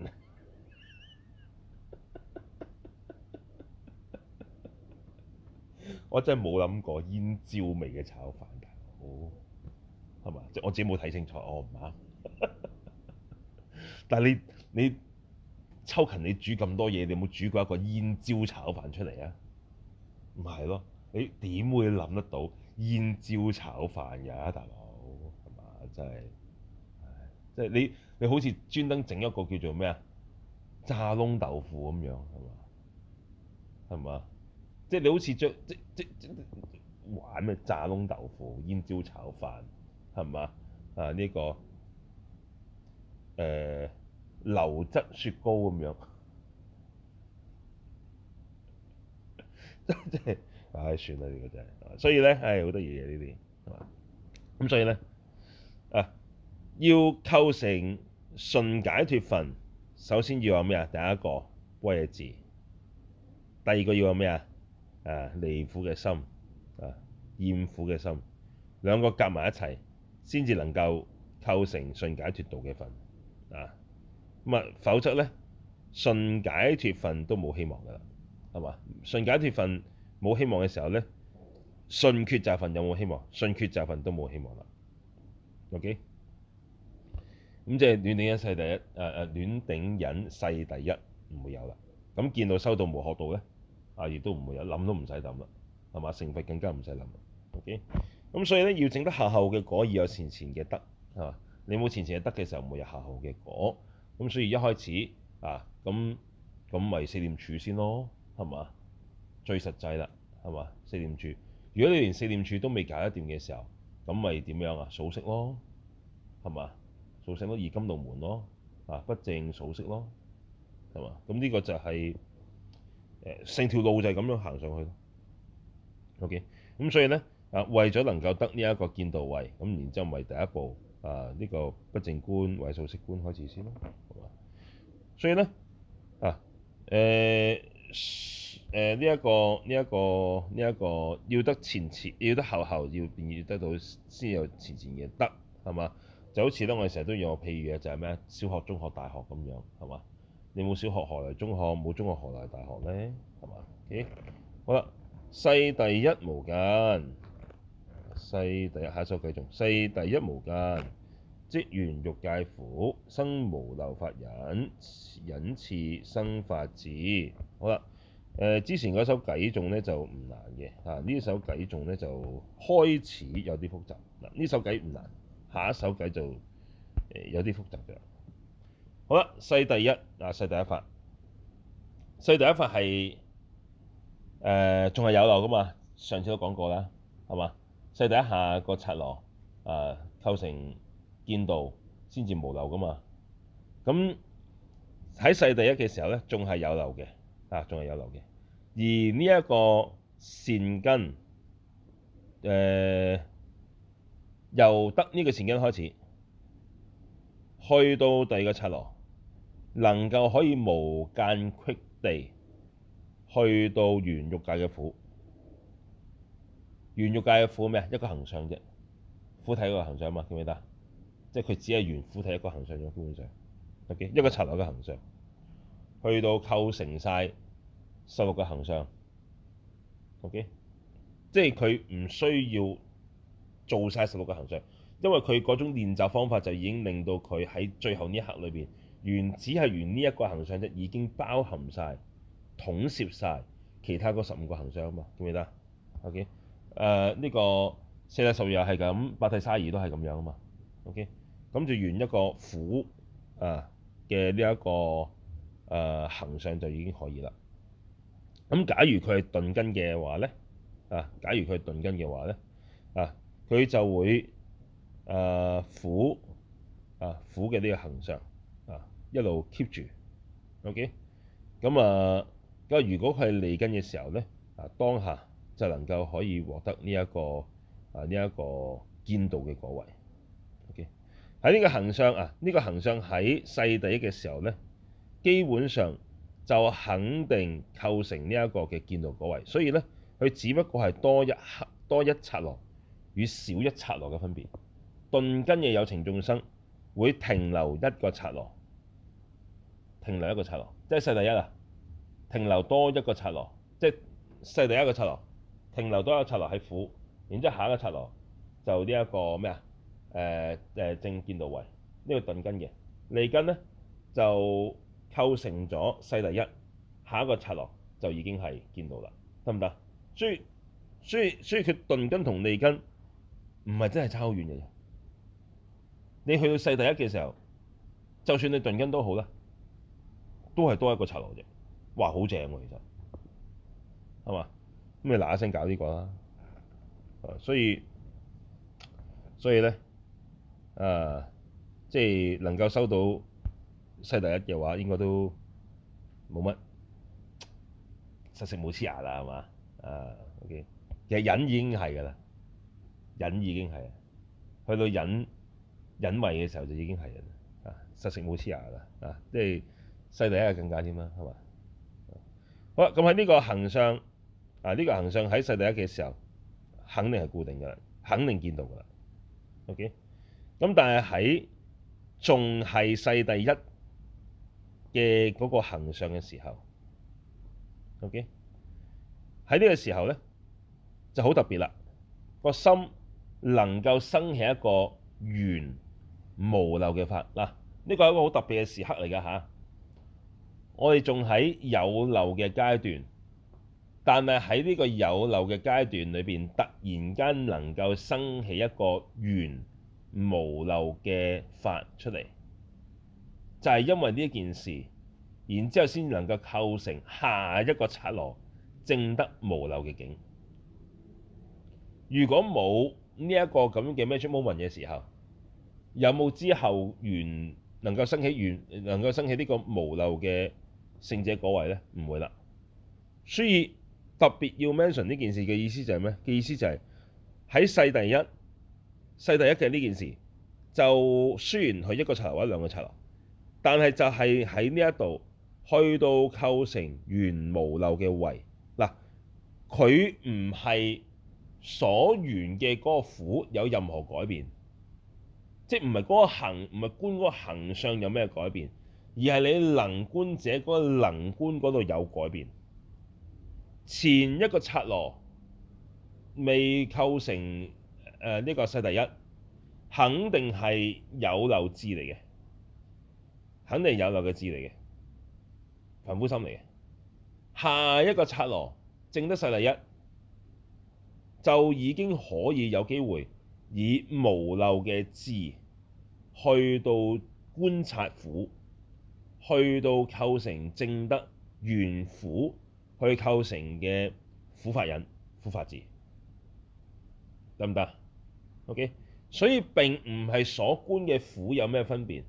我真係冇諗過煙椒味嘅炒飯，好係嘛？即、哦、我自己冇睇清楚，我唔啱。 但係你你秋勤你煮咁多嘢，你有冇煮過一個燕椒炒飯出嚟啊？唔係咯，你點會諗得到燕椒炒飯㗎啊，大佬係嘛？真係，即係你你好似專登整一個叫做咩啊？炸窿豆腐咁樣係嘛？係嘛？即係你好似著即即即，即，即玩咩炸窿豆腐、燕椒炒飯係嘛？啊呢個。誒、呃、流質雪糕咁樣，唉、哎、算啦呢、這個真係，所以咧係好多嘢嘅呢啲係嘛？咁所以咧啊，要構成順解脫分，首先要有咩啊？第一個般若智，第二個要有咩啊？誒離苦嘅心，誒厭苦嘅心，兩個夾埋一齊，先至能夠構成順解脫道嘅分。啊，咁啊，否則咧，順解脫分都冇希望噶啦，係嘛？順解脫分冇希望嘅時候咧，順決擇分有冇希望？順決擇分都冇希望啦。OK，咁即係暖頂忍世第一，誒誒暖頂忍世第一，唔會有啦。咁見道修道無學道咧，啊亦都唔會有，諗都唔使諗啦，係嘛？成佛更加唔使諗。OK，咁所以咧要證得後後嘅果要有前前嘅德，係嘛？你冇前前得嘅時候，冇有下後嘅果咁所以一開始啊，咁咁咪四念處先咯，係嘛，最實際啦，係嘛四念處。如果你連四念處都未搞得掂嘅時候，咁咪點樣啊？數息咯，係嘛數息咯，二甘露門咯，啊不淨數息咯，係嘛咁呢個就係誒成條路就係咁樣行上去。OK 咁，所以咧啊，為咗能夠得呢一個見道位，咁然之後咪第一步。啊！呢、這個不淨觀為數息觀開始先咯，係、這、嘛、個？所以咧啊誒誒呢一個呢一、這個呢一個要得前前要得後後要便要得到先有前前嘅得，係嘛？就好似咧我哋成日都用個譬喻嘅就係咩小學、中學、大學咁樣係嘛？你冇小學何來中學？冇中學何來大學咧？係嘛？咦、okay.？好啦，世第一無間。世第一下一首偈頌，世第一無間，即緣欲界苦，生無漏法忍，忍次生法智。好啦，誒、呃、之前嗰首偈頌咧就唔難嘅，啊首呢首偈頌咧就開始有啲複雜。嗱、啊、呢首偈唔難，下一首偈就誒、呃、有啲複雜嘅。好啦，世第一嗱、啊、世第一法，世第一法係誒仲係有漏㗎嘛？上次都講過啦，係嘛？世第一下個剎那，啊構成見道先至無漏噶嘛。咁喺世第一嘅時候咧，仲係有漏嘅，啊仲係有漏嘅。而呢一個善根，誒、呃、由得呢個善根開始，去到第二個剎那，能夠可以無間隙地去到緣欲界嘅苦。緣欲界嘅苦咩？一個行相啫，苦諦嗰個行相啊嘛，記唔記得？即係佢只係緣苦諦一個行相嘅基本上，一上，OK 一個插樓嘅行相，去到構成晒十六個行相，OK，即係佢唔需要做晒十六個行相，因為佢嗰種練習方法就已經令到佢喺最後呢一刻裏邊，緣只係緣呢一個行相啫，已經包含晒、統攝晒其他嗰十五個行相啊嘛，記唔記得？OK。誒呢、呃這個四諦十日係咁，八諦沙爾都係咁樣啊嘛。OK，咁就緣一個苦啊嘅呢一個誒、呃、行相就已經可以啦。咁、呃、假如佢係鈍根嘅話咧，啊，假如佢係鈍根嘅話咧，啊，佢就會誒苦、呃、啊苦嘅呢個行相啊一路 keep 住 OK，咁啊咁如果佢係利根嘅時候咧，啊當下。就能夠可以獲得呢、這、一個啊呢一、這個見道嘅果位。喺、okay？呢個行相啊，呢、這個行相喺世第一嘅時候呢，基本上就肯定構成呢一個嘅見道果位。所以呢，佢只不過係多一刻多一剎那與少一剎那嘅分別。鈍根嘅有情眾生會停留一個剎那，停留一個剎那，即係世第一啊，停留多一個剎那，即係世第一個剎那。停留多一個剎那喺苦，然之後下一個剎那就呢、這、一個咩啊？誒、呃、誒正見到位、這個、呢個鈍根嘅利根咧就構成咗世第一，下一個剎那就已經係見到啦，得唔得？所以所以所以佢鈍根同利根唔係真係差好遠嘅，你去到世第一嘅時候，就算你鈍根都好啦，都係多一個剎那啫，哇好正喎，其實係嘛、啊？咩嗱一聲搞呢個啦？啊，所以所以咧啊，即係能夠收到世第一嘅話，應該都冇乜實食冇黐牙啦，係嘛？啊，OK，其實忍已經係噶啦，忍已經係去到忍忍位嘅時候就已經係啊，實食冇黐牙啦啊，即係世第一係更加添啦，係咪？好啦，咁喺呢個行上。啊！呢個行相喺世第一嘅時候，肯定係固定嘅，肯定見到嘅。OK，咁但係喺仲係世第一嘅嗰個行相嘅時候，OK，喺呢個時候咧就好特別啦。個心能夠生起一個圓無漏嘅法嗱，呢個係一個好特別嘅時刻嚟嘅嚇。我哋仲喺有漏嘅階段。但係喺呢個有漏嘅階段裏邊，突然間能夠生起一個圓無漏嘅法出嚟，就係、是、因為呢一件事，然之後先能夠構成下一個剎那證得無漏嘅境。如果冇呢一個咁嘅 magic moment 嘅時候，有冇之後圓能夠生起圓能夠生起呢個無漏嘅聖者果位呢？唔會啦。所以。特別要 mention 呢件事嘅意思就係咩？嘅意思就係喺世第一、世第一嘅呢件事，就雖然佢一個剎那或者兩個剎那，但係就係喺呢一度去到構成原無漏嘅位。嗱，佢唔係所緣嘅嗰個苦有任何改變，即係唔係嗰個行，唔係觀嗰個行相有咩改變，而係你能觀者嗰個能觀嗰度有改變。前一個剎那未構成呢、呃這個世第一，肯定係有漏智嚟嘅，肯定有漏嘅智嚟嘅，貧苦心嚟嘅。下一個剎那正得世第一，就已經可以有機會以無漏嘅智去到觀察苦，去到構成正得圓苦。去構成嘅苦法忍、苦法智，得唔得？OK，所以並唔係所觀嘅苦有咩分別，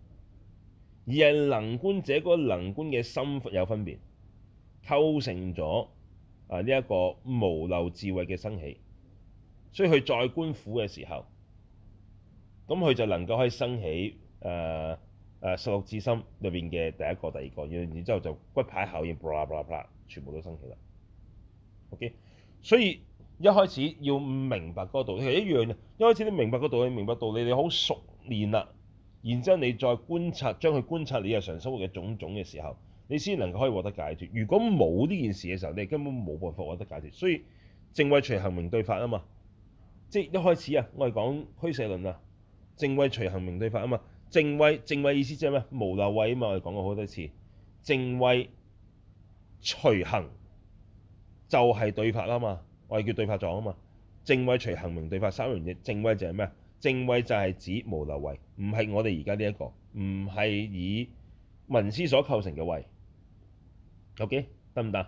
而係能觀者嗰個能觀嘅心有分別，構成咗啊呢一個無漏智慧嘅生起。所以佢再觀苦嘅時候，咁佢就能夠可以生起誒誒、呃呃、十六智心裏邊嘅第一個、第二個，然然之後就骨牌效應，布拉布全部都生起啦，OK，所以一開始要明白嗰道理係一樣嘅。一開始你明白嗰道理，明白道理，你好熟練啦。然之後你再觀察，將佢觀察你日常生活嘅種種嘅時候，你先能夠可以獲得解脱。如果冇呢件事嘅時候，你根本冇辦法獲得解脱。所以淨慧隨行名對法啊嘛，即係一開始啊，我哋講俱舍論啊，淨慧隨行名對法啊嘛，淨慧淨慧意思即係咩？無漏慧啊嘛，我哋講過好多次，淨慧。隨行就係、是、對法啊嘛，我哋叫對法狀啊嘛。淨慧隨行名對法，三樣嘢，淨慧就係咩啊？淨慧就係指無漏慧，唔係我哋而家呢一個，唔係以聞思所構成嘅慧。OK，得唔得？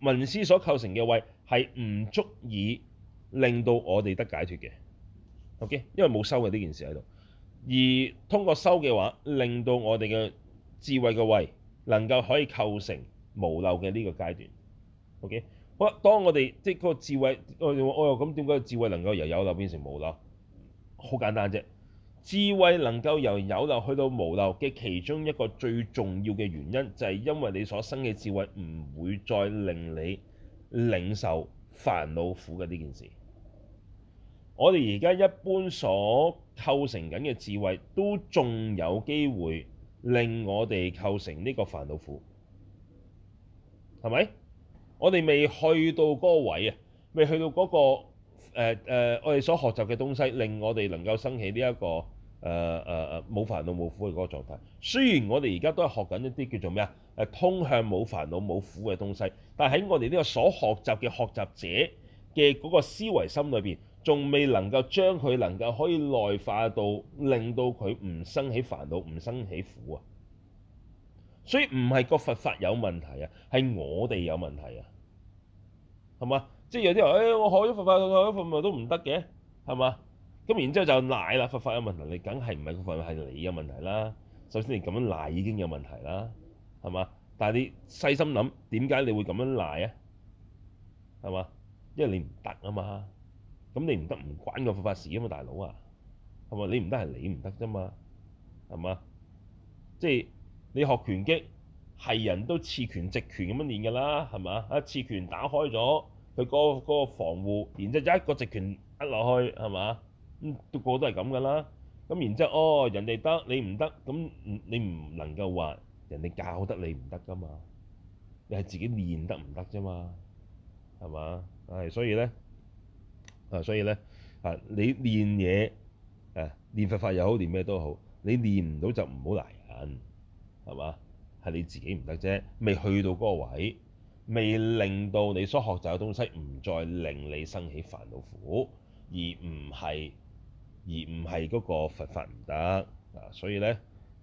聞思所構成嘅慧係唔足以令到我哋得解脫嘅。OK，因為冇修嘅呢件事喺度。而通過修嘅話，令到我哋嘅智慧嘅慧能夠可以構成，無漏嘅呢個階段，OK？好啦，當我哋即係個智慧，我咁點解智慧能夠由有漏變成無漏？好簡單啫。智慧能夠由有漏去到無漏嘅其中一個最重要嘅原因，就係因為你所生嘅智慧唔會再令你領受煩惱苦嘅呢件事。我哋而家一般所構成緊嘅智慧，都仲有機會令我哋構成呢個煩惱苦。係咪？我哋未去到嗰個位啊，未去到嗰、嗰個誒、呃呃、我哋所學習嘅東西，令我哋能夠生起呢、呢、一個誒誒誒冇煩惱冇苦嘅嗰個狀態。雖然我哋而家都係學緊一啲叫做咩啊？誒通向冇煩惱冇苦嘅東西，但喺我哋呢個所學習嘅學習者嘅嗰個思維心裏邊，仲未能夠將佢能夠可以內化到，令到佢唔生起煩惱，唔生起苦啊！所以唔係個佛法有問題啊，係我哋有問題啊，係嘛？即係有啲人誒、哎，我學咗佛法，學咗佛法都唔得嘅，係嘛？咁然之後就賴啦，佛法有問題，你梗係唔係個佛法係你有問題啦？首先你咁樣賴已經有問題啦，係嘛？但係你細心諗，點解你會咁樣賴啊？係嘛？因為你唔得啊嘛，咁你唔得唔關個佛法事啊嘛，大佬啊，係咪？你唔得係你唔得啫嘛，係嘛？即係。你學拳擊係人都刺拳直拳咁樣練㗎啦，係嘛？啊，刺拳打開咗佢嗰嗰個防護，然之後一個直拳一落去，係嘛？咁個個都係咁㗎啦。咁然之後哦，人哋得你唔得，咁你唔能夠話人哋教得你唔得㗎嘛？你係自己練得唔得啫嘛，係嘛？係所以咧啊，所以咧啊，你練嘢啊，練佛法又好，練咩都好，你練唔到就唔好賴人。係嘛？係你自己唔得啫，未去到嗰個位，未令到你所學習嘅東西唔再令你生起煩惱苦，而唔係而唔係嗰個佛法唔得啊。所以呢，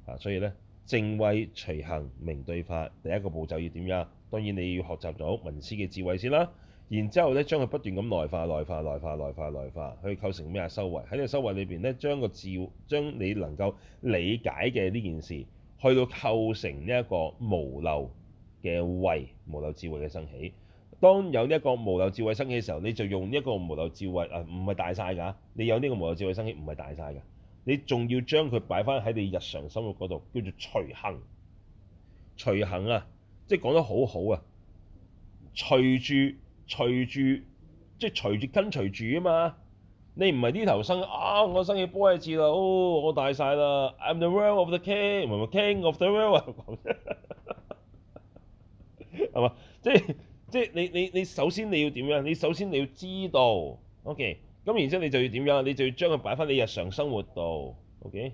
啊，所以呢，淨慧隨行名對法，第一個步驟要點呀？當然你要學習咗聞思嘅智慧先啦。然之後呢，將佢不斷咁內化、內化、內化、內化、內化，去構成咩修為？喺呢個修為裏邊呢，將個智將你能夠理解嘅呢件事，去到構成呢一個無漏嘅慧，無漏智慧嘅生起。當有呢一個無漏智慧生起嘅時候，你就用呢個無漏智慧啊，唔係大晒㗎。你有呢個無漏智慧生起唔係大晒㗎，你仲要將佢擺返喺你日常生活嗰度叫做隨行。隨行啊，即係講得好好啊。隨住隨住即係隨住跟隨住啊嘛。你唔係呢頭生啊！我生起波一次啦，哦，我大晒啦！I'm the king of the king，唔係咪 king of the world？係 嘛？即係即係你你你首先你要點樣？你首先你要知道，OK。咁然之後你就要點樣？你就要將佢擺翻你日常生活度，OK。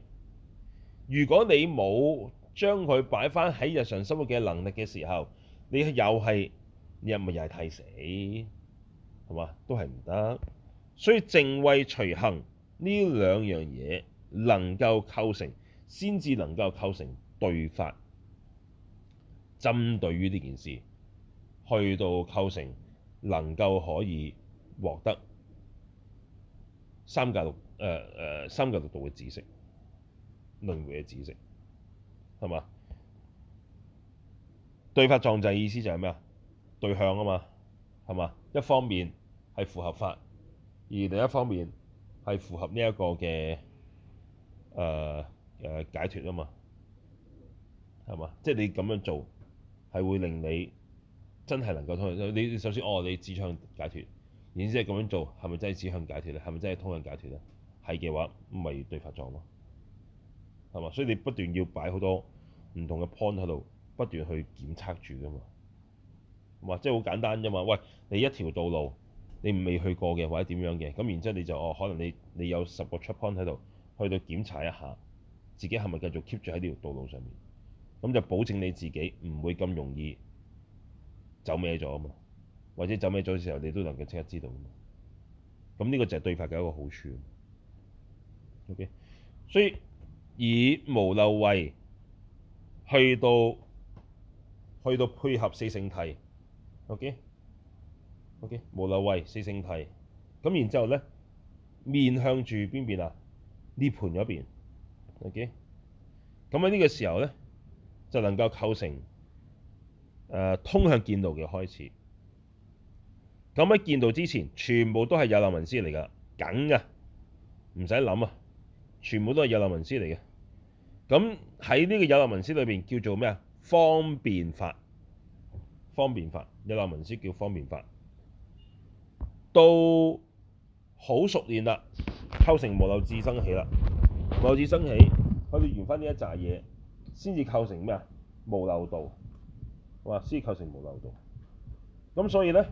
如果你冇將佢擺翻喺日常生活嘅能力嘅時候，你又係你又咪又係替死，係嘛？都係唔得。所以淨慧隨行呢兩樣嘢能夠構成，先至能夠構成對法，針對於呢件事去到構成，能夠可以獲得三界六誒誒、呃、三界六道嘅知識，輪迴嘅知識，係嘛？對法壯陣意思就係咩啊？對向啊嘛，係嘛？一方面係符合法。而另一方面係符合呢一個嘅誒誒解脫啊嘛，係嘛？即係你咁樣做係會令你真係能夠通，你首先哦你指向解脫，然之後咁樣做係咪真係指向解脫咧？係咪真係通向解脫咧？係嘅話咁咪對法狀咯，係嘛？所以你不斷要擺好多唔同嘅 point 喺度不斷去檢測住噶嘛，咁啊即係好簡單啫嘛。喂，你一條道路。你未去過嘅或者點樣嘅，咁然之後你就哦，可能你你有十個 check point 喺度，去到檢查一下自己係咪繼續 keep 住喺呢條道路上面，咁就保證你自己唔會咁容易走歪咗啊嘛，或者走歪咗嘅時候你都能夠即刻知道嘛，咁呢個就係對法嘅一個好處。OK，所以以無漏位去到去到配合四聖諦。OK。O.K. 無漏位，四聖諦咁，然之後呢，面向住邊邊啊？涅槃嗰邊 O.K. 咁喺呢個時候呢，就能夠構成誒、呃、通向見道嘅開始。咁喺見道之前，全部都係有漏聞思嚟㗎梗㗎，唔使諗啊！全部都係有漏聞思嚟嘅。咁喺呢個有漏聞思裏邊叫做咩啊？方便法，方便法，有漏聞思叫方便法。都好熟練啦，構成無漏智生起啦，無漏智生起哋完翻呢一紮嘢，先至構成咩啊？無漏道，我話先至構成無漏道。咁所以咧，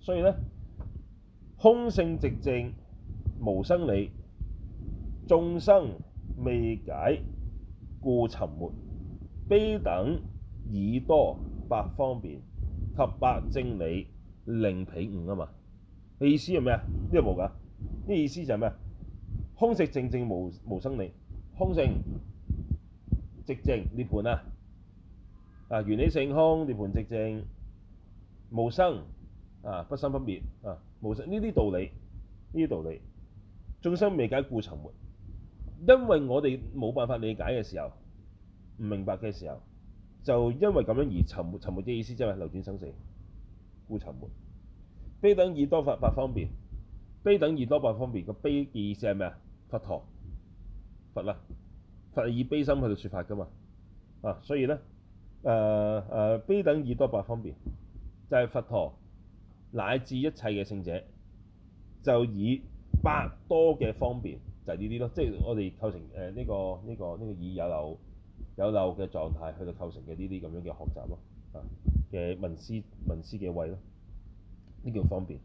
所以咧，空性寂靜無生理，眾生未解故沉沒，悲等以多百方便及百正理令彼悟啊嘛。意思係咩啊？呢個無㗎，呢、這個意思就係咩啊？空寂靜靜無無生理，空性寂靜涅槃啊！啊，緣起性空涅槃寂靜無生啊，不生不滅啊，無生呢啲道理，呢啲道理，眾生未解故沉沒，因為我哋冇辦法理解嘅時候，唔明白嘅時候，就因為咁樣而沉沒。沉沒嘅意思即係，流轉生死，故沉沒。悲等二多法八方便，悲等二多法方便個悲嘅意思係咩啊？佛陀，佛啦，佛以悲心去到說法噶嘛啊！所以咧，誒、呃、誒、呃，悲等二多法方便就係、是、佛陀乃至一切嘅聖者就以百多嘅方便就係呢啲咯，即係我哋構成誒呢、呃這個呢、這個呢、這個二、這個、有漏有漏嘅狀態去到構成嘅呢啲咁樣嘅學習咯啊嘅文思文思嘅位咯。呢叫方便。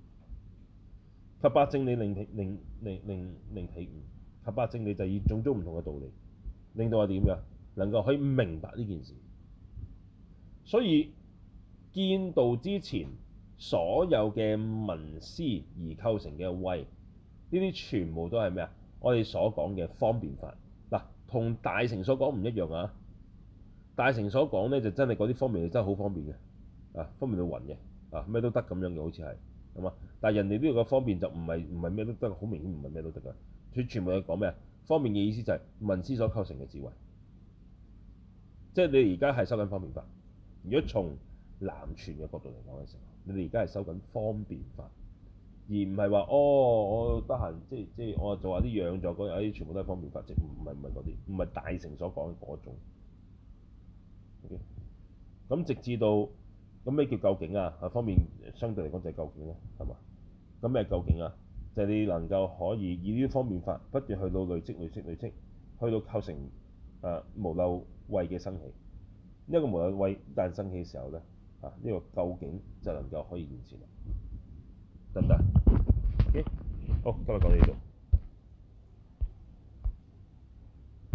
合八正理令令令令令，令起悟，合八正理就以種種唔同嘅道理，令到我哋點樣能夠可以明白呢件事。所以見道之前，所有嘅聞思而構成嘅慧，呢啲全部都係咩啊？我哋所講嘅方便法，嗱，同大乘所講唔一樣啊！大乘所講咧就真係嗰啲方便真係好方便嘅，啊，方便到暈嘅。咩都得咁樣嘅，好似係，係嘛？但係人哋呢個方便就唔係唔係咩都得，好明顯唔係咩都得㗎。佢全部係講咩啊？方便嘅意思就係聞思所構成嘅智慧。即係你而家係修緊方便法。如果從南傳嘅角度嚟講嘅時候，你哋而家係修緊方便法，而唔係話哦，我得閒即係即係我做下啲養助嗰啲，全部都係方便法，即係唔係唔係嗰啲，唔係大乘所講嗰種。O K，咁直至到。咁咩叫究竟啊？方便，相對嚟講就係究竟啦，係嘛？咁咩究竟啊？就係、是、你能夠可以以呢啲方便法，不斷去到累積、累積、累積，去到構成啊無漏慧嘅生起。呢個無漏慧一旦生起嘅時候咧，啊呢、這個究竟就能夠可以現前，得唔得？OK，好，今日講到呢度。